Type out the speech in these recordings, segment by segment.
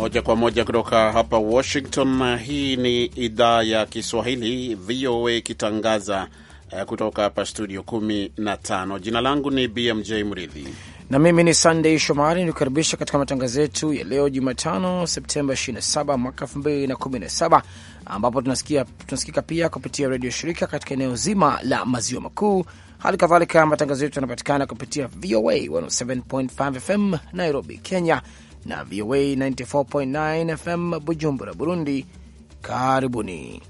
Moja kwa moja kutoka hapa Washington, hii ni idhaa ya Kiswahili VOA ikitangaza eh, kutoka hapa studio 15. Jina langu ni BMJ Mridhi na mimi ni Sandey Shomari, nikukaribisha katika matangazo yetu ya leo Jumatano, Septemba 27 mwaka 2017, ambapo tunasikia, tunasikika pia kupitia redio shirika katika eneo zima la maziwa makuu. Hali kadhalika matangazo yetu yanapatikana kupitia VOA 107.5 FM Nairobi, Kenya, na VOA 94.9 FM Bujumbura, Burundi. Karibuni.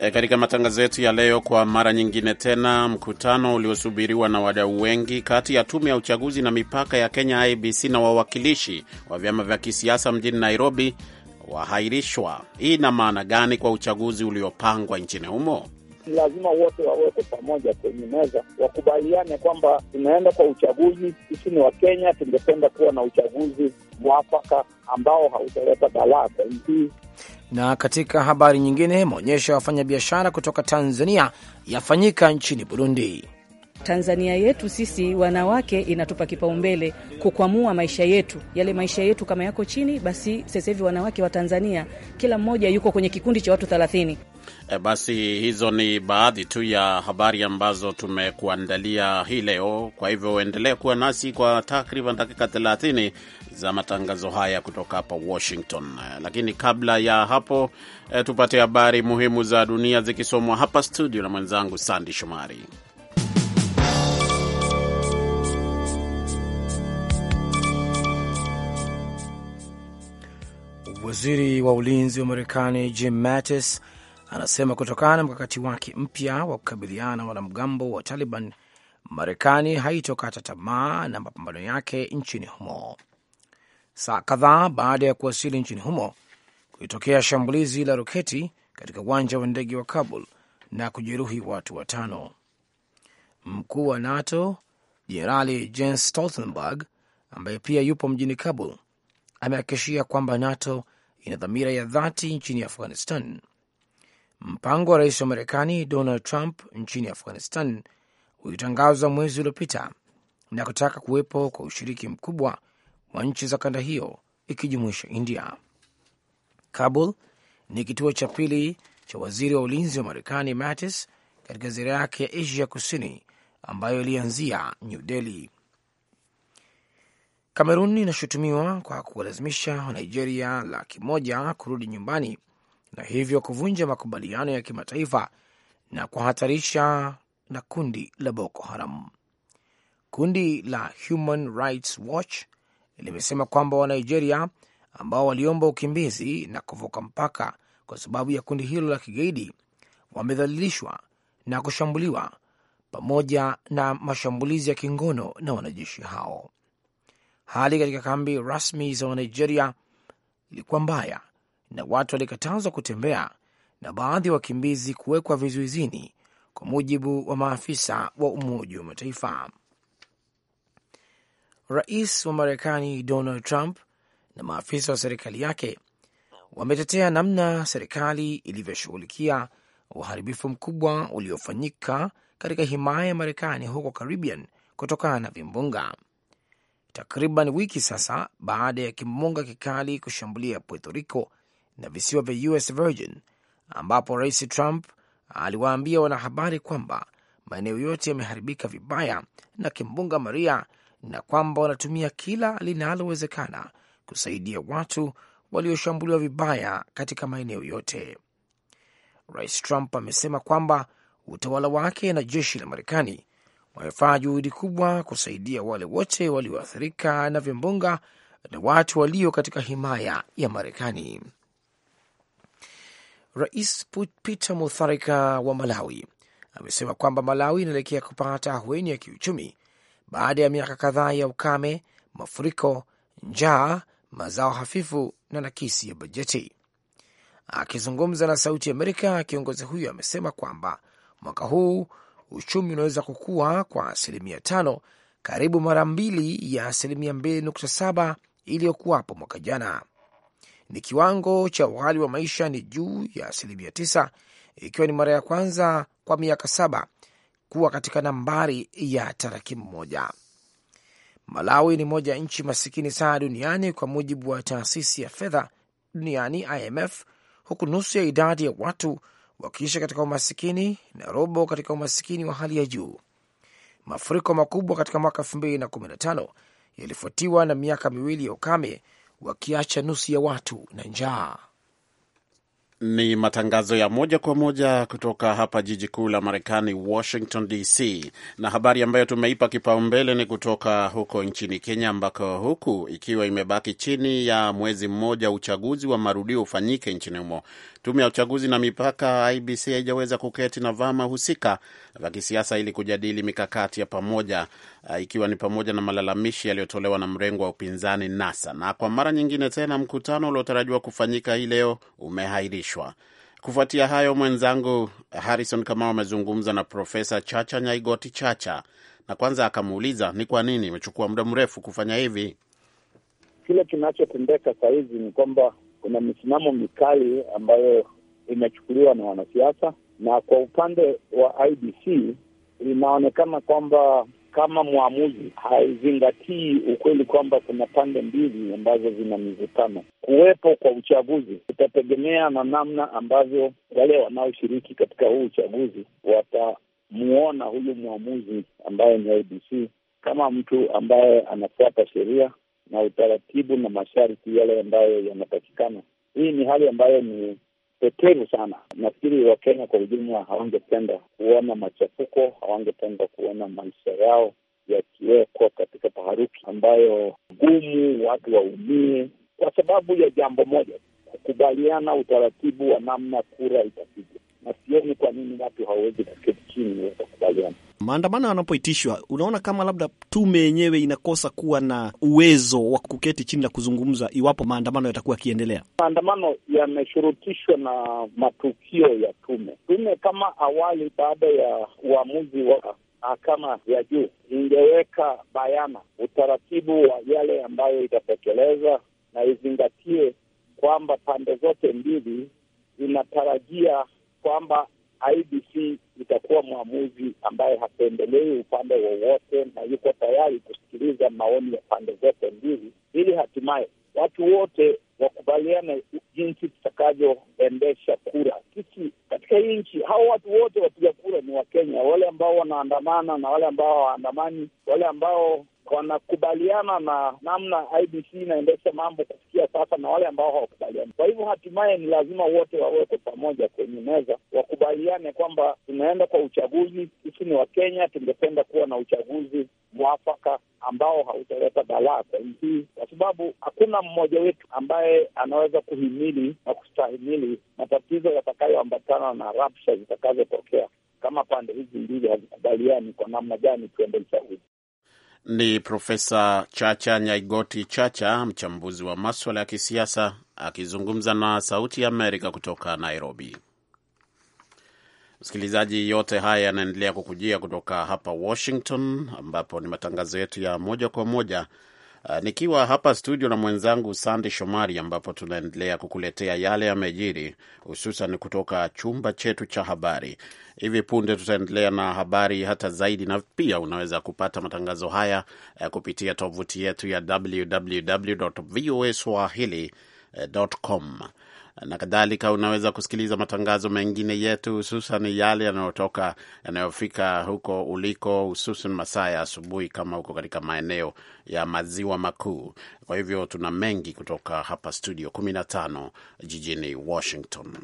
E, katika matangazo yetu ya leo, kwa mara nyingine tena, mkutano uliosubiriwa na wadau wengi kati ya tume ya uchaguzi na mipaka ya Kenya IBC na wawakilishi wa vyama vya kisiasa mjini Nairobi wahairishwa. Hii ina maana gani kwa uchaguzi uliopangwa nchini humo? Lazima wote wawekwe pamoja kwenye meza, wakubaliane kwamba tunaenda kwa uchaguzi. Sisi ni Wakenya, tungependa kuwa na uchaguzi mwafaka ambao hautaleta balaa kwa nchi. Na katika habari nyingine, maonyesho ya wafanyabiashara kutoka Tanzania yafanyika nchini Burundi. Tanzania yetu sisi wanawake inatupa kipaumbele kukwamua maisha yetu, yale maisha yetu kama yako chini, basi sasa hivi wanawake wa Tanzania kila mmoja yuko kwenye kikundi cha watu 30. E, basi hizo ni baadhi tu ya habari ambazo tumekuandalia hii leo. Kwa hivyo endelee kuwa nasi kwa takriban dakika 30 za matangazo haya kutoka hapa Washington, e, lakini kabla ya hapo e, tupate habari muhimu za dunia zikisomwa hapa studio na mwenzangu Sandi Shomari. Waziri wa ulinzi wa Marekani Jim Mattis anasema kutokana na mkakati wake mpya wa kukabiliana na wanamgambo wa Taliban, Marekani haitokata tamaa na mapambano yake nchini humo. Saa kadhaa baada ya kuwasili nchini humo kulitokea shambulizi la roketi katika uwanja wa ndege wa Kabul na kujeruhi watu watano. Mkuu wa NATO Jenerali Jens Stoltenberg ambaye pia yupo mjini Kabul amehakikishia kwamba NATO ina dhamira ya dhati nchini Afghanistan. Mpango wa rais wa Marekani Donald Trump nchini Afghanistan ulitangazwa mwezi uliopita na kutaka kuwepo kwa ushiriki mkubwa wa nchi za kanda hiyo ikijumuisha India. Kabul ni kituo cha pili cha waziri wa ulinzi wa Marekani Mattis katika ziara yake ya Asia Kusini ambayo ilianzia New Delhi. Kamerun inashutumiwa kwa kuwalazimisha Wanigeria laki moja kurudi nyumbani na hivyo kuvunja makubaliano ya kimataifa na kuhatarisha na kundi la Boko Haram. Kundi la Human Rights Watch limesema kwamba Wanigeria ambao waliomba ukimbizi na kuvuka mpaka kwa sababu ya kundi hilo la kigaidi wamedhalilishwa na kushambuliwa pamoja na mashambulizi ya kingono na wanajeshi hao hali katika kambi rasmi za Wanigeria ilikuwa mbaya na watu walikatazwa kutembea na baadhi ya wakimbizi kuwekwa vizuizini, kwa mujibu wa maafisa wa Umoja wa Mataifa. Rais wa Marekani Donald Trump na maafisa wa serikali yake wametetea namna serikali ilivyoshughulikia uharibifu mkubwa uliofanyika katika himaya ya Marekani huko Caribbean kutokana na vimbunga takriban wiki sasa baada ya kimbunga kikali kushambulia Puerto Rico na visiwa vya US Virgin, ambapo Rais Trump aliwaambia wanahabari kwamba maeneo yote yameharibika vibaya na kimbunga Maria na kwamba wanatumia kila linalowezekana kusaidia watu walioshambuliwa vibaya katika maeneo yote. Rais Trump amesema kwamba utawala wake na jeshi la Marekani wamefanya juhudi kubwa kusaidia wale wote walioathirika na vimbunga na watu walio katika himaya ya Marekani. Rais Peter Mutharika wa Malawi amesema kwamba Malawi inaelekea kupata ahueni ya kiuchumi baada ya miaka kadhaa ya ukame, mafuriko, njaa, mazao hafifu na nakisi ya bajeti. Akizungumza na Sauti Amerika, kiongozi huyo amesema kwamba mwaka huu uchumi unaweza kukua kwa asilimia tano, karibu mara mbili ya asilimia mbili nukta saba iliyokuwapo mwaka jana. Ni kiwango cha ughali wa maisha ni juu ya asilimia tisa, ikiwa ni mara ya kwanza kwa miaka saba kuwa katika nambari ya tarakimu moja. Malawi ni moja ya nchi masikini sana duniani kwa mujibu wa taasisi ya fedha duniani IMF, huku nusu ya idadi ya watu wakiisha katika umasikini na robo katika umasikini wa hali ya juu. Mafuriko makubwa katika mwaka 2015 yalifuatiwa na miaka miwili ya ukame, wakiacha nusu ya watu na njaa. Ni matangazo ya moja kwa moja kutoka hapa jiji kuu la Marekani, Washington DC, na habari ambayo tumeipa kipaumbele ni kutoka huko nchini Kenya, ambako huku ikiwa imebaki chini ya mwezi mmoja uchaguzi wa marudio ufanyike nchini humo, tume ya uchaguzi na mipaka IBC haijaweza kuketi na vyama husika vya kisiasa ili kujadili mikakati ya pamoja, eh, ikiwa ni pamoja na malalamishi yaliyotolewa na mrengo wa upinzani NASA. Na kwa mara nyingine tena mkutano uliotarajiwa kufanyika hii leo umehairishwa kuhamishwa. Kufuatia hayo, mwenzangu Harrison Kamau amezungumza na Profesa Chacha Nyaigoti Chacha na kwanza akamuuliza ni kwa nini imechukua muda mrefu kufanya hivi. Kile kinachotendeka sahizi ni kwamba kuna misimamo mikali ambayo imechukuliwa na wanasiasa, na kwa upande wa IBC inaonekana kwamba kama mwamuzi haizingatii ukweli kwamba kuna pande mbili ambazo zina mivutano. Kuwepo kwa uchaguzi kutategemea na namna ambavyo wale wanaoshiriki katika huu uchaguzi watamuona huyu mwamuzi ambaye ni IBC kama mtu ambaye anafuata sheria na utaratibu na masharti yale ambayo yanapatikana. Hii ni hali ambayo ni peteni sana. Nafikiri Wakenya kwa ujumla hawangependa kuona machafuko, hawangependa kuona maisha yao yakiwekwa katika taharuki ambayo gumu, watu waumie kwa sababu ya jambo moja, kukubaliana utaratibu wa namna kura itapigwa na sioni kwa nini watu hawawezi kuketi chini kukubaliana Maandamano yanapoitishwa, unaona kama labda tume yenyewe inakosa kuwa na uwezo wa kuketi chini na kuzungumza, iwapo maandamano yatakuwa yakiendelea. Maandamano yameshurutishwa na matukio ya tume. Tume kama awali, baada ya uamuzi wa mahakama ya juu, ingeweka bayana utaratibu wa yale ambayo itatekeleza na izingatie kwamba pande zote mbili zinatarajia kwamba IBC itakuwa mwamuzi ambaye hapendelei upande wowote na yuko tayari kusikiliza maoni ya pande zote mbili, ili hatimaye watu wote wakubaliane jinsi tutakavyoendesha kura. Sisi katika hii nchi, hao watu wote wapiga kura ni Wakenya, wale ambao wanaandamana na wale ambao hawaandamani, wale ambao wanakubaliana na namna IBC inaendesha mambo kufikia sasa na wale ambao hawakubaliani. Kwa hivyo hatimaye ni lazima wote wawekwe pamoja kwenye meza, wakubaliane kwamba tunaenda kwa uchaguzi. Sisi ni Wakenya, tungependa kuwa na uchaguzi mwafaka ambao hautaleta balaa kwa nchi hii, kwa sababu hakuna mmoja wetu ambaye anaweza kuhimili na kustahimili matatizo yatakayoambatana na rapsha zitakazotokea kama pande hizi mbili hazikubaliani kwa namna gani tuende uchaguzi. Ni Profesa Chacha Nyaigoti Chacha, mchambuzi wa maswala ya kisiasa, akizungumza na Sauti ya Amerika kutoka Nairobi. Msikilizaji, yote haya yanaendelea kukujia kutoka hapa Washington, ambapo ni matangazo yetu ya moja kwa moja Uh, nikiwa hapa studio na mwenzangu Sandi Shomari, ambapo tunaendelea kukuletea yale yamejiri, hususan kutoka chumba chetu cha habari. Hivi punde tutaendelea na habari hata zaidi, na pia unaweza kupata matangazo haya uh, kupitia tovuti yetu ya www voa swahili uh, com na kadhalika. Unaweza kusikiliza matangazo mengine yetu, hususan yale yanayotoka yanayofika huko uliko, hususan masaa ya asubuhi, kama huko katika maeneo ya maziwa makuu. Kwa hivyo tuna mengi kutoka hapa studio 15 jijini Washington.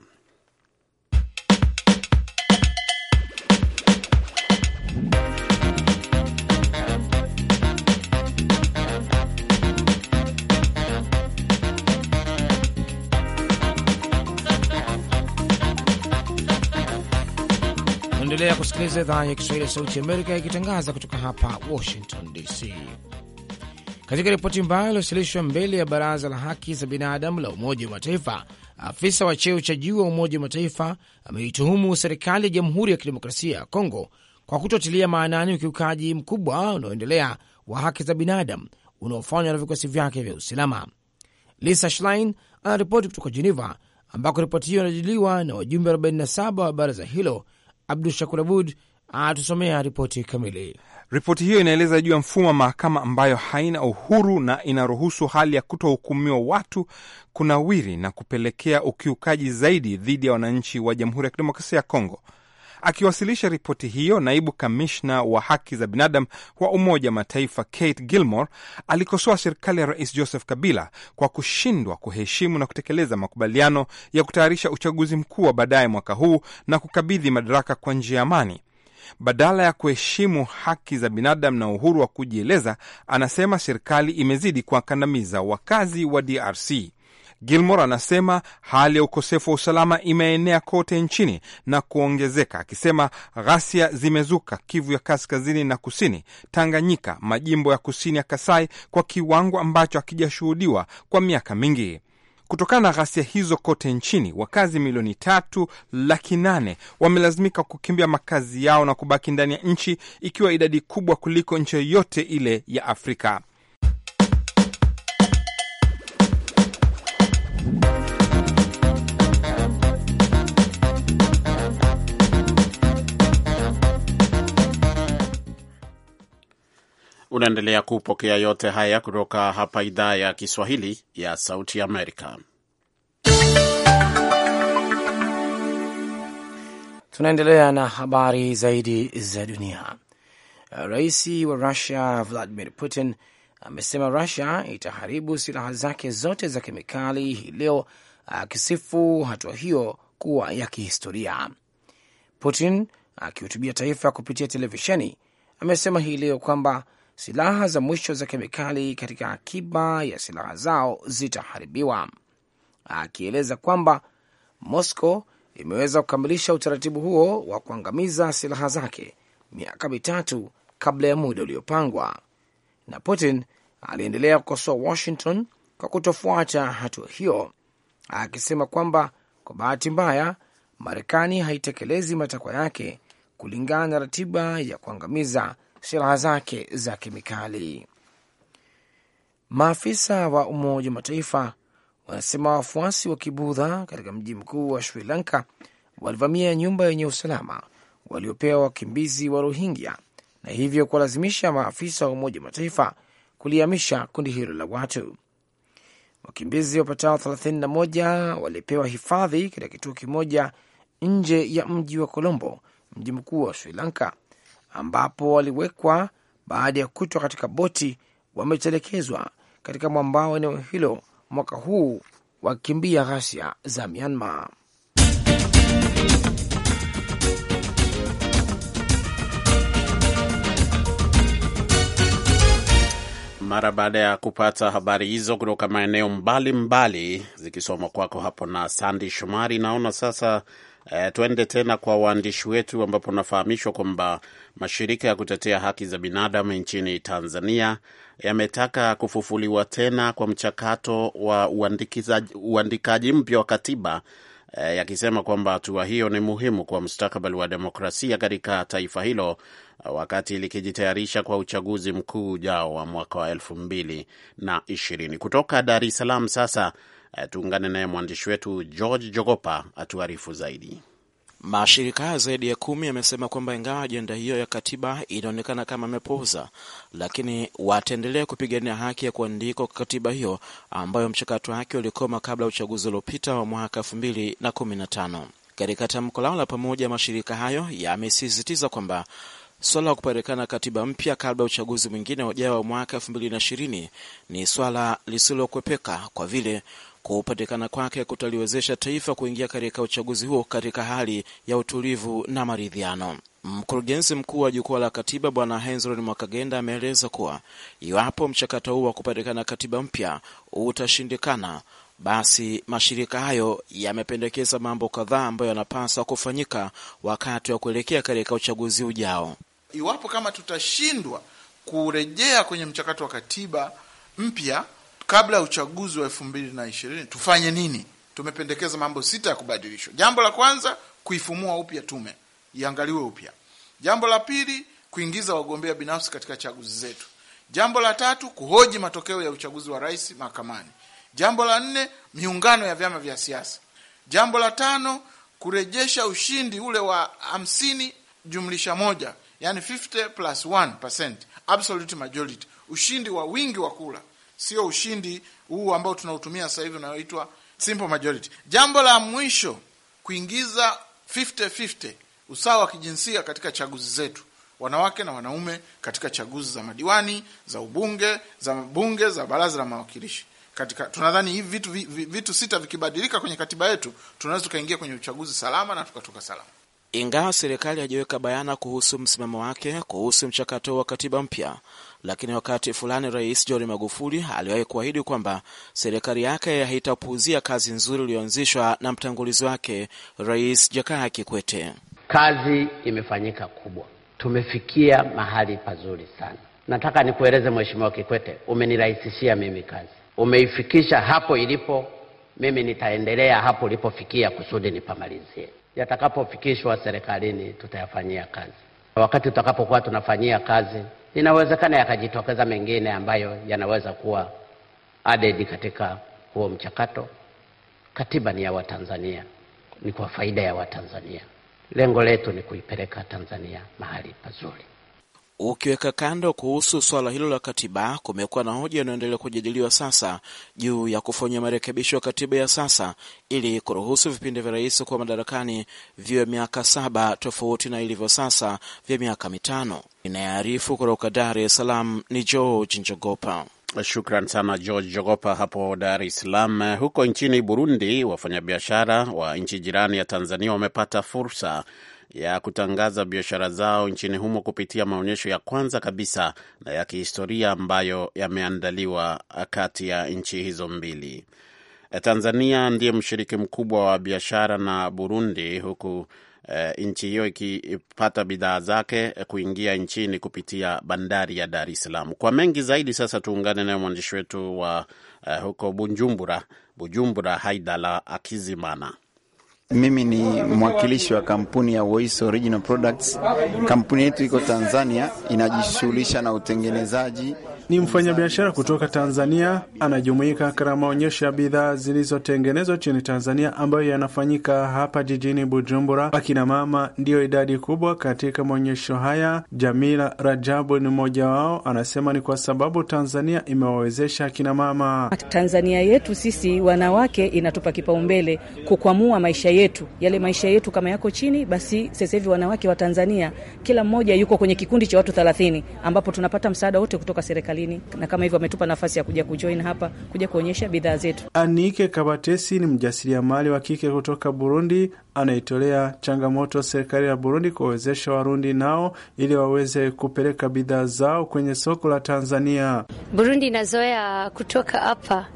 Unaendelea kusikiliza idhaa ya Kiswahili ya Sauti Amerika ikitangaza kutoka hapa Washington DC. Katika ripoti mbayo iliyowasilishwa mbele ya Baraza la Haki za Binadamu la Umoja wa Mataifa, afisa wa cheo cha juu wa Umoja wa Mataifa ameituhumu serikali ya Jamhuri ya Kidemokrasia ya Kongo kwa kutotilia maanani ukiukaji mkubwa unaoendelea wa haki za binadamu unaofanywa na vikosi vyake vya usalama. Lisa Schlein anaripoti kutoka Geneva, ambako ripoti hiyo inajadiliwa na wajumbe 47 wa baraza hilo Abdu Shakur Abud atusomea ripoti kamili. Ripoti hiyo inaeleza juu ya mfumo wa mahakama ambayo haina uhuru na inaruhusu hali ya kutohukumiwa watu kunawiri na kupelekea ukiukaji zaidi dhidi ya wananchi wa Jamhuri ya Kidemokrasia ya Kongo. Akiwasilisha ripoti hiyo, naibu kamishna wa haki za binadamu wa Umoja Mataifa Kate Gilmore alikosoa serikali ya Rais Joseph Kabila kwa kushindwa kuheshimu na kutekeleza makubaliano ya kutayarisha uchaguzi mkuu wa baadaye mwaka huu na kukabidhi madaraka kwa njia ya amani. Badala ya kuheshimu haki za binadamu na uhuru wa kujieleza, anasema serikali imezidi kuwakandamiza wakazi wa DRC. Gilmore anasema hali ya ukosefu wa usalama imeenea kote nchini na kuongezeka, akisema ghasia zimezuka Kivu ya kaskazini na kusini, Tanganyika, majimbo ya kusini ya Kasai kwa kiwango ambacho hakijashuhudiwa kwa miaka mingi. Kutokana na ghasia hizo kote nchini, wakazi milioni tatu laki nane wamelazimika kukimbia makazi yao na kubaki ndani ya nchi, ikiwa idadi kubwa kuliko nchi yoyote ile ya Afrika. Unaendelea kupokea yote haya kutoka hapa idhaa ya Kiswahili ya Sauti Amerika. Tunaendelea na habari zaidi za dunia. Rais wa Rusia Vladimir Putin amesema Rusia itaharibu silaha zake zote za kemikali hii leo, akisifu hatua hiyo kuwa ya kihistoria. Putin akihutubia taifa kupitia televisheni amesema hii leo kwamba silaha za mwisho za kemikali katika akiba ya silaha zao zitaharibiwa, akieleza kwamba Moscow imeweza kukamilisha utaratibu huo wa kuangamiza silaha zake miaka mitatu kabla ya muda uliopangwa. Na Putin aliendelea kukosoa Washington kwa kutofuata hatua hiyo, akisema kwamba kwa bahati mbaya Marekani haitekelezi matakwa yake kulingana na ratiba ya kuangamiza silaha zake za kemikali. Maafisa wa Umoja wa Mataifa wanasema wafuasi wa kibudha katika mji mkuu wa Sri Lanka walivamia nyumba yenye usalama waliopewa wakimbizi wa Rohingya na hivyo kuwalazimisha maafisa wa Umoja wa Mataifa kulihamisha kundi hilo la watu. Wakimbizi wapatao 31 walipewa hifadhi katika kituo kimoja nje ya mji wa Colombo, mji mkuu wa Sri Lanka, ambapo waliwekwa baada ya kutwa katika boti wametelekezwa katika mwambao eneo hilo mwaka huu wakikimbia ghasia za Myanmar. Mara baada ya kupata habari hizo kutoka maeneo mbalimbali, zikisomwa kwako hapo na Sandi Shomari, naona sasa Eh, tuende tena kwa waandishi wetu ambapo nafahamishwa kwamba mashirika ya kutetea haki za binadamu nchini Tanzania yametaka kufufuliwa tena kwa mchakato wa uandikaji mpya wa katiba eh, yakisema kwamba hatua hiyo ni muhimu kwa mustakabali wa demokrasia katika taifa hilo eh, wakati likijitayarisha kwa uchaguzi mkuu ujao wa mwaka wa elfu mbili na ishirini. Kutoka Dar es Salaam sasa Eh, tuungane naye mwandishi wetu George Jogopa atuarifu zaidi. Mashirika zaidi ya kumi yamesema kwamba ingawa ajenda hiyo ya katiba inaonekana kama amepuuza, lakini wataendelea kupigania haki ya kuandikwa kwa katiba hiyo ambayo mchakato wake ulikoma kabla ya uchaguzi uliopita wa mwaka elfu mbili na kumi na tano. Katika tamko lao la pamoja, mashirika hayo yamesisitiza kwamba swala la kupatikana katiba mpya kabla ya uchaguzi mwingine ujao wa mwaka elfu mbili na ishirini ni swala lisilokwepeka kwa vile kupatikana kwake kutaliwezesha taifa kuingia katika uchaguzi huo katika hali ya utulivu na maridhiano. Mkurugenzi mkuu wa jukwaa la katiba Bwana Henzron Mwakagenda ameeleza kuwa iwapo mchakato huu wa kupatikana katiba mpya utashindikana, basi mashirika hayo yamependekeza mambo kadhaa ambayo yanapaswa kufanyika wakati wa kuelekea katika uchaguzi ujao. Iwapo kama tutashindwa kurejea kwenye mchakato wa katiba mpya kabla ya uchaguzi wa elfu mbili na ishirini tufanye nini? Tumependekeza mambo sita ya kubadilishwa. Jambo la kwanza, kuifumua upya tume iangaliwe upya. Jambo la pili, kuingiza wagombea binafsi katika chaguzi zetu. Jambo la tatu, kuhoji matokeo ya uchaguzi wa rais mahakamani. Jambo la nne, miungano ya vyama vya siasa. Jambo la tano, kurejesha ushindi ule wa hamsini jumlisha moja, yani 50 plus 1 percent absolute majority, ushindi wa wingi wa kura sio ushindi huu ambao tunautumia sasa hivi unaoitwa simple majority. Jambo la mwisho kuingiza 50-50 usawa wa kijinsia katika chaguzi zetu, wanawake na wanaume katika chaguzi za madiwani, za ubunge, za bunge, za baraza la mawakilishi. Katika tunadhani hivi vitu, vitu sita vikibadilika kwenye katiba yetu tunaweza tukaingia kwenye uchaguzi salama na tukatoka salama. Ingawa serikali hajaweka bayana kuhusu msimamo wake kuhusu mchakato wa katiba mpya, lakini wakati fulani Rais John Magufuli aliwahi kuahidi kwamba serikali yake haitapuuzia kazi nzuri iliyoanzishwa na mtangulizi wake Rais Jakaya Kikwete. Kazi imefanyika kubwa, tumefikia mahali pazuri sana. Nataka nikueleze Mheshimiwa Kikwete, umenirahisishia mimi kazi, umeifikisha hapo ilipo. Mimi nitaendelea hapo ulipofikia kusudi nipamalizie. Yatakapofikishwa serikalini tutayafanyia kazi. Wakati tutakapokuwa tunafanyia kazi inawezekana yakajitokeza mengine ambayo yanaweza kuwa added katika huo mchakato. Katiba ni ya Watanzania, ni kwa faida ya Watanzania. Lengo letu ni kuipeleka Tanzania mahali pazuri. Ukiweka kando kuhusu swala hilo la katiba, kumekuwa na hoja inayoendelea kujadiliwa sasa juu ya kufanya marekebisho ya katiba ya sasa ili kuruhusu vipindi vya rais kuwa madarakani viwe miaka saba tofauti na ilivyo sasa vya miaka mitano. Inayoarifu kutoka Dar es Salaam ni George Njogopa. Shukran sana George Jogopa hapo Dar es Salaam. Huko nchini Burundi, wafanyabiashara wa nchi jirani ya Tanzania wamepata fursa ya kutangaza biashara zao nchini humo kupitia maonyesho ya kwanza kabisa na ya kihistoria ambayo yameandaliwa kati ya nchi hizo mbili. Eh, Tanzania ndiye mshiriki mkubwa wa biashara na Burundi, huku e, nchi hiyo ikipata bidhaa zake eh, kuingia nchini kupitia bandari ya Dar es Salaam. Kwa mengi zaidi, sasa tuungane naye mwandishi wetu wa e, huko Bujumbura, Bujumbura, Haidala Akizimana. Mimi ni mwakilishi wa kampuni ya Voice Original Products. Kampuni yetu iko Tanzania, inajishughulisha na utengenezaji ni mfanyabiashara kutoka Tanzania anajumuika katika maonyesho ya bidhaa zilizotengenezwa nchini Tanzania ambayo yanafanyika hapa jijini Bujumbura. Akina mama ndiyo idadi kubwa katika maonyesho haya. Jamila Rajabu ni mmoja wao, anasema ni kwa sababu Tanzania imewawezesha akina mama. Tanzania yetu sisi wanawake inatupa kipaumbele kukwamua maisha yetu, yale maisha yetu kama yako chini, basi sasa hivi wanawake wa Tanzania kila mmoja yuko kwenye kikundi cha watu 30 ambapo tunapata msaada wote kutoka serikali ishirini na kama hivyo wametupa nafasi ya kuja kujoin hapa kuja kuonyesha bidhaa zetu. Anike Kabatesi ni mjasiriamali wa kike kutoka Burundi anaitolea changamoto serikali ya Burundi kuwawezesha Warundi nao ili waweze kupeleka bidhaa zao kwenye soko la Tanzania. Burundi inazoea kutoka hapa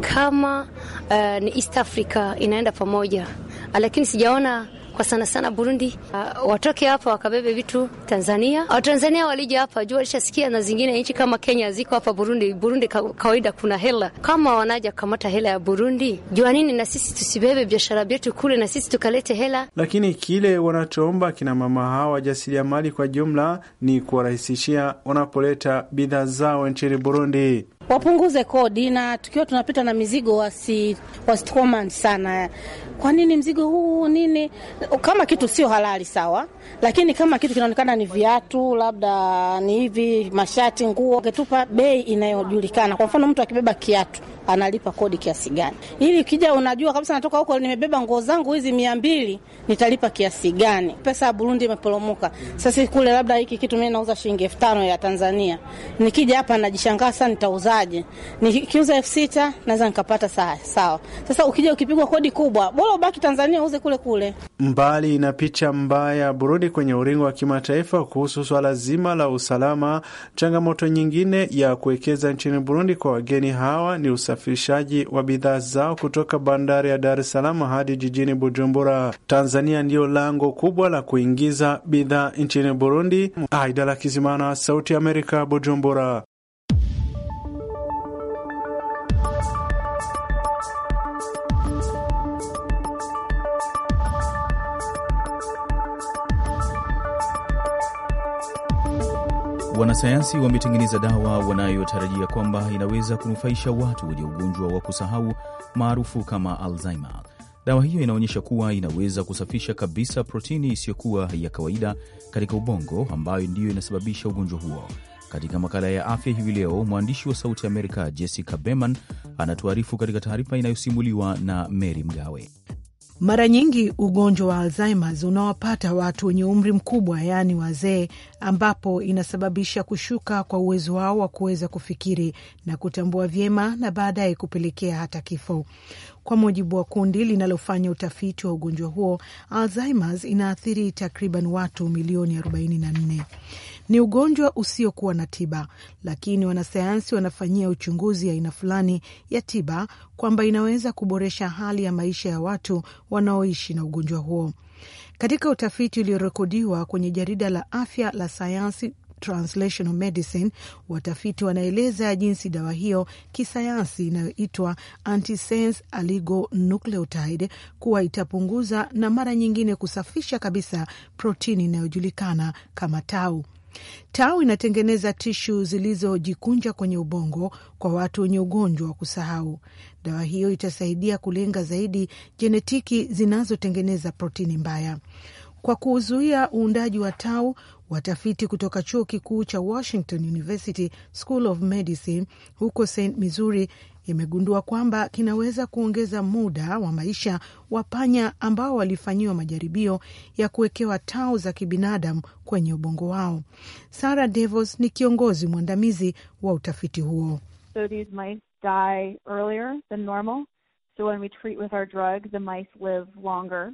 kama uh, ni East Africa inaenda pamoja, lakini sijaona kwa sana sana Burundi, uh, watoke hapa wakabebe vitu Tanzania. Watanzania uh, walija hapa juu walishasikia na zingine nchi kama Kenya ziko hapa Burundi. Burundi kawaida kuna hela, kama wanaja kamata hela ya Burundi, jua nini na sisi tusibebe biashara yetu kule na sisi tukalete hela. Lakini kile wanachoomba kina mama hawa wajasiriamali kwa jumla ni kuwarahisishia wanapoleta bidhaa zao nchini Burundi wapunguze kodi, na tukiwa tunapita na mizigo wasi, wasi sana. Kwa nini mzigo huu nini? Kama kitu sio halali sawa, lakini kama kitu kinaonekana ni viatu, labda ni hivi mashati, nguo, ketupa bei inayojulikana. Kwa mfano, mtu akibeba kiatu analipa kodi kiasi gani, ili ukija unajua kabisa natoka huko, nimebeba nguo zangu hizi mia mbili nitalipa kiasi gani? Pesa ya Burundi imeporomoka sasa, kule labda hiki kitu mimi nauza shilingi elfu tano ya Tanzania, nikija hapa najishangaa sana nitauza nikipataje? Nikiuza elfu sita naweza nikapata sawa sawa. Sasa ukija ukipigwa kodi kubwa, bora ubaki Tanzania uuze kule kule. Mbali na picha mbaya Burundi kwenye uringo wa kimataifa kuhusu swala zima la usalama, changamoto nyingine ya kuwekeza nchini Burundi kwa wageni hawa ni usafirishaji wa bidhaa zao kutoka bandari ya Dar es Salaam hadi jijini Bujumbura. Tanzania ndiyo lango kubwa la kuingiza bidhaa nchini Burundi. Aidala Kizimana, Sauti ya Amerika, Bujumbura. Wanasayansi wametengeneza dawa wanayotarajia kwamba inaweza kunufaisha watu wenye ugonjwa wa kusahau maarufu kama Alzheimer. Dawa hiyo inaonyesha kuwa inaweza kusafisha kabisa protini isiyokuwa ya kawaida katika ubongo ambayo ndiyo inasababisha ugonjwa huo. Katika makala ya afya hivi leo, mwandishi wa Sauti ya Amerika Jessica Berman anatuarifu katika taarifa inayosimuliwa na Mary Mgawe. Mara nyingi ugonjwa wa Alzheimer unawapata watu wenye umri mkubwa, yaani wazee, ambapo inasababisha kushuka kwa uwezo wao wa kuweza kufikiri na kutambua vyema na baadaye kupelekea hata kifo. Kwa mujibu wa kundi linalofanya utafiti wa ugonjwa huo, Alzheimers inaathiri takriban watu milioni 44. Ni ugonjwa usiokuwa na tiba, lakini wanasayansi wanafanyia uchunguzi aina fulani ya tiba kwamba inaweza kuboresha hali ya maisha ya watu wanaoishi na ugonjwa huo. Katika utafiti uliorekodiwa kwenye jarida la afya la sayansi Translational Medicine, watafiti wanaeleza jinsi dawa hiyo kisayansi inayoitwa antisense oligonucleotide kuwa itapunguza na mara nyingine kusafisha kabisa protini inayojulikana kama tau. Tau inatengeneza tishu zilizojikunja kwenye ubongo kwa watu wenye ugonjwa wa kusahau. Dawa hiyo itasaidia kulenga zaidi jenetiki zinazotengeneza protini mbaya kwa kuzuia uundaji wa tau. Watafiti kutoka chuo kikuu cha Washington University School of Medicine huko St Missouri imegundua kwamba kinaweza kuongeza muda wa maisha wa panya ambao walifanyiwa majaribio ya kuwekewa tau za kibinadamu kwenye ubongo wao. Sarah Devos ni kiongozi mwandamizi wa utafiti huo. So these mice die earlier than normal. So when we treat with our drug, the mice live longer.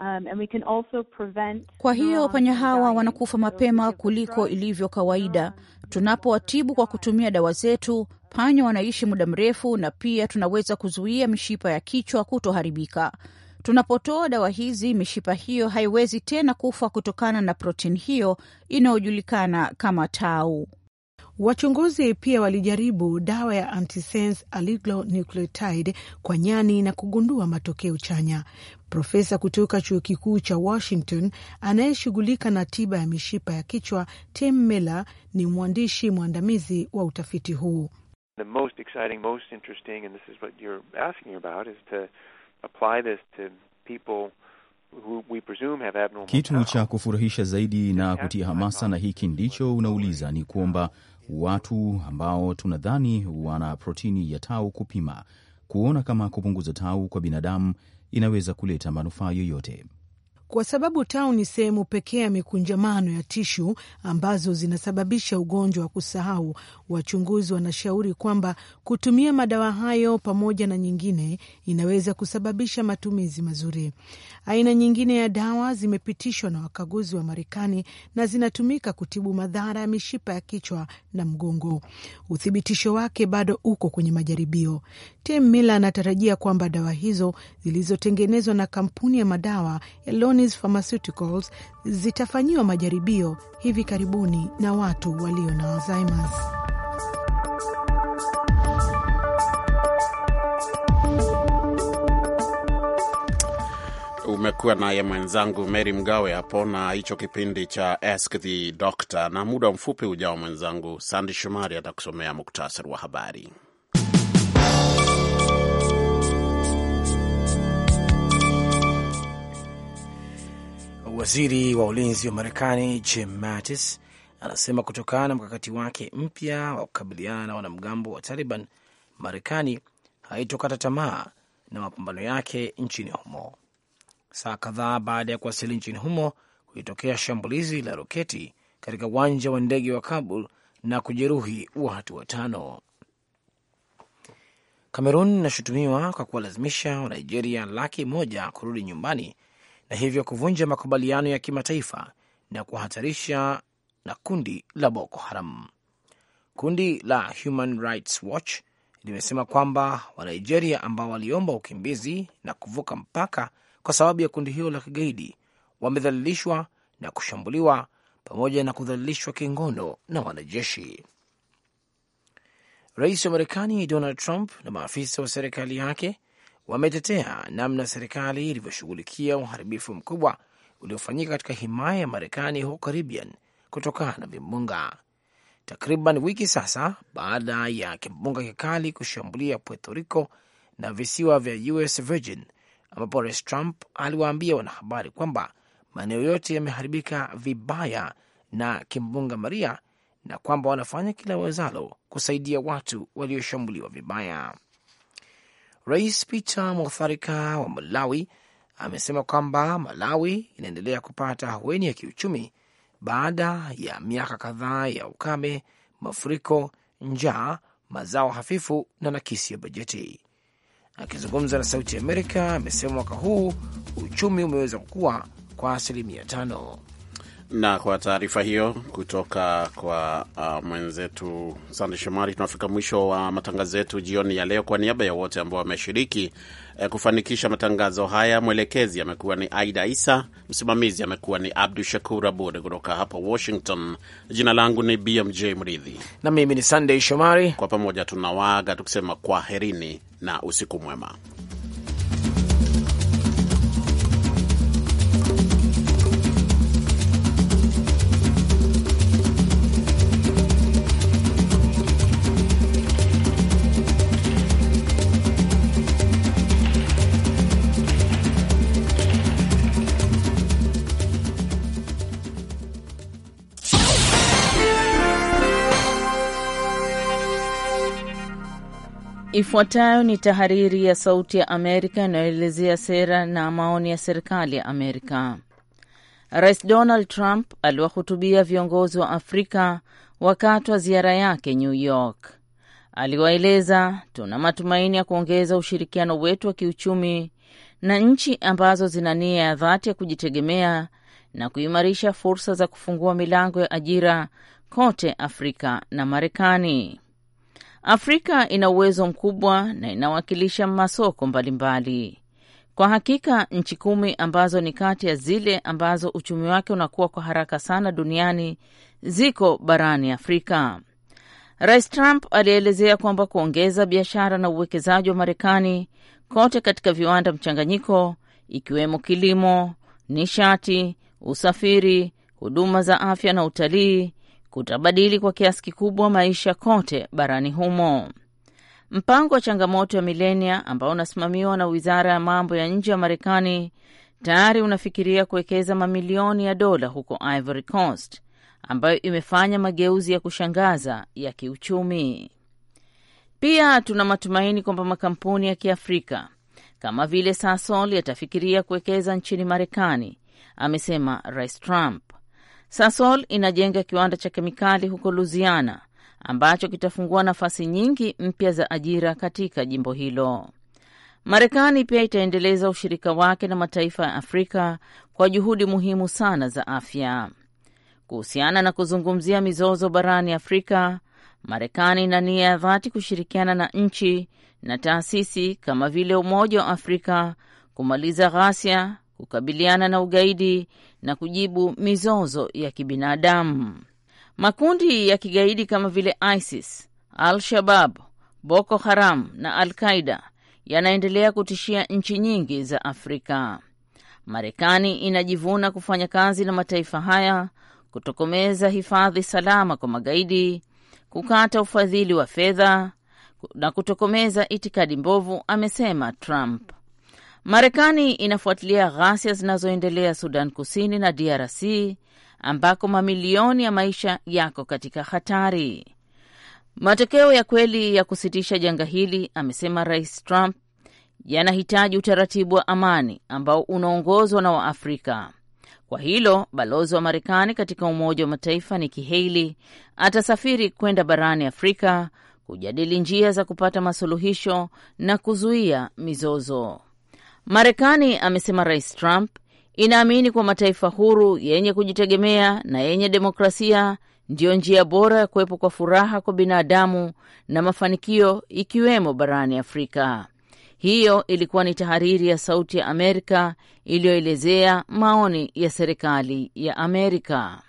Um, kwa hiyo panya um, hawa wanakufa mapema kuliko ilivyo kawaida. Tunapowatibu kwa kutumia dawa zetu, panya wanaishi muda mrefu, na pia tunaweza kuzuia mishipa ya kichwa kutoharibika. Tunapotoa dawa hizi, mishipa hiyo haiwezi tena kufa kutokana na protini hiyo inayojulikana kama tau. Wachunguzi pia walijaribu dawa ya antisense oligonucleotide kwa nyani na kugundua matokeo chanya. Profesa kutoka chuo kikuu cha Washington anayeshughulika na tiba ya mishipa ya kichwa Tim Miller ni mwandishi mwandamizi wa utafiti huu. The most exciting, most interesting, and this is what you're asking about, is to apply this to people Kitu cha kufurahisha zaidi na kutia hamasa, na hiki ndicho unauliza, ni kwamba watu ambao tunadhani wana protini ya tau kupima kuona kama kupunguza tau kwa binadamu inaweza kuleta manufaa yoyote kwa sababu tau ni sehemu pekee ya mikunjamano ya tishu ambazo zinasababisha ugonjwa wa kusahau. Wachunguzi wanashauri kwamba kutumia madawa hayo pamoja na nyingine inaweza kusababisha matumizi mazuri. Aina nyingine ya dawa zimepitishwa na wakaguzi wa Marekani na zinatumika kutibu madhara ya mishipa ya kichwa na mgongo. Uthibitisho wake bado uko kwenye majaribio. Tim Miller anatarajia kwamba dawa hizo zilizotengenezwa na kampuni ya madawa Elon Pharmaceuticals zitafanyiwa majaribio hivi karibuni na watu walio na Alzheimer's. Umekuwa naye mwenzangu Mary Mgawe hapo na hicho kipindi cha Ask the Doctor, na muda mfupi ujao mwenzangu Sandi Shomari atakusomea muktasari wa habari. Waziri wa ulinzi wa Marekani Jim Mattis anasema kutokana na mkakati wake mpya wa kukabiliana na wanamgambo wa Taliban, Marekani haitokata tamaa na mapambano yake nchini humo. Saa kadhaa baada ya kuwasili nchini humo kulitokea shambulizi la roketi katika uwanja wa ndege wa Kabul na kujeruhi watu watano. Kamerun inashutumiwa kwa kuwalazimisha Wanigeria laki moja kurudi nyumbani na hivyo kuvunja makubaliano ya kimataifa na kuhatarisha na kundi la Boko Haram. Kundi la Human Rights Watch limesema kwamba Wanigeria ambao waliomba ukimbizi na kuvuka mpaka kwa sababu ya kundi hilo la kigaidi wamedhalilishwa na kushambuliwa pamoja na kudhalilishwa kingono na wanajeshi. Rais wa Marekani Donald Trump na maafisa wa serikali yake wametetea namna serikali ilivyoshughulikia uharibifu mkubwa uliofanyika katika himaya ya Marekani huko Caribbean kutokana na vimbunga. Takriban wiki sasa baada ya kimbunga kikali kushambulia Puerto Rico na visiwa vya US Virgin, ambapo Rais Trump aliwaambia wanahabari kwamba maeneo yote yameharibika vibaya na kimbunga Maria na kwamba wanafanya kila wezalo kusaidia watu walioshambuliwa vibaya. Rais Peter Mutharika wa Malawi amesema kwamba Malawi inaendelea kupata ahueni ya kiuchumi baada ya miaka kadhaa ya ukame, mafuriko, njaa, mazao hafifu na nakisi ya bajeti. Akizungumza na Sauti ya Amerika, amesema mwaka huu uchumi umeweza kukua kwa asilimia tano. Na kwa taarifa hiyo kutoka kwa uh, mwenzetu Sande Shomari, tunafika mwisho wa matangazo yetu jioni ya leo. Kwa niaba ya wote ambao wameshiriki eh, kufanikisha matangazo haya, mwelekezi amekuwa ni Aida Isa, msimamizi amekuwa ni Abdu Shakur Abud. Kutoka hapa Washington, jina langu ni BMJ Mridhi na mimi ni Sandey Shomari. Kwa pamoja tunawaaga tukisema kwaherini na usiku mwema. Ifuatayo ni tahariri ya Sauti ya Amerika inayoelezea sera na maoni ya serikali ya Amerika. Rais Donald Trump aliwahutubia viongozi wa Afrika wakati wa ziara yake New York. Aliwaeleza, tuna matumaini ya kuongeza ushirikiano wetu wa kiuchumi na nchi ambazo zina nia ya dhati ya kujitegemea na kuimarisha fursa za kufungua milango ya ajira kote Afrika na Marekani. Afrika ina uwezo mkubwa na inawakilisha masoko mbalimbali. Kwa hakika nchi kumi ambazo ni kati ya zile ambazo uchumi wake unakuwa kwa haraka sana duniani ziko barani Afrika. Rais Trump alielezea kwamba kuongeza biashara na uwekezaji wa Marekani kote katika viwanda mchanganyiko, ikiwemo kilimo, nishati, usafiri, huduma za afya na utalii kutabadili kwa kiasi kikubwa maisha kote barani humo. Mpango wa changamoto ya milenia ambao unasimamiwa na wizara ya mambo ya nje ya Marekani tayari unafikiria kuwekeza mamilioni ya dola huko Ivory Coast ambayo imefanya mageuzi ya kushangaza ya kiuchumi. Pia tuna matumaini kwamba makampuni ya Kiafrika kama vile Sasol yatafikiria kuwekeza nchini Marekani, amesema Rais Trump. Sasol inajenga kiwanda cha kemikali huko luziana ambacho kitafungua nafasi nyingi mpya za ajira katika jimbo hilo. Marekani pia itaendeleza ushirika wake na mataifa ya Afrika kwa juhudi muhimu sana za afya. Kuhusiana na kuzungumzia mizozo barani Afrika, Marekani ina nia ya dhati kushirikiana na nchi na taasisi kama vile Umoja wa Afrika kumaliza ghasia, kukabiliana na ugaidi na kujibu mizozo ya kibinadamu. Makundi ya kigaidi kama vile ISIS, Al-Shabab, Boko Haram na Al-Qaida yanaendelea kutishia nchi nyingi za Afrika. Marekani inajivuna kufanya kazi na mataifa haya kutokomeza hifadhi salama kwa magaidi, kukata ufadhili wa fedha na kutokomeza itikadi mbovu, amesema Trump. Marekani inafuatilia ghasia zinazoendelea Sudan Kusini na DRC ambako mamilioni ya maisha yako katika hatari. Matokeo ya kweli ya kusitisha janga hili, amesema Rais Trump, yanahitaji utaratibu wa amani ambao unaongozwa na Waafrika. Kwa hilo balozi wa Marekani katika Umoja wa Mataifa Nikki Haley atasafiri kwenda barani Afrika kujadili njia za kupata masuluhisho na kuzuia mizozo. Marekani, amesema Rais Trump, inaamini kuwa mataifa huru yenye kujitegemea na yenye demokrasia ndiyo njia bora ya kuwepo kwa furaha kwa binadamu na mafanikio, ikiwemo barani Afrika. Hiyo ilikuwa ni tahariri ya Sauti ya Amerika iliyoelezea maoni ya serikali ya Amerika.